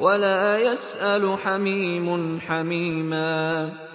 وَلَا يَسْأَلُ حَمِيمٌ حَمِيمًا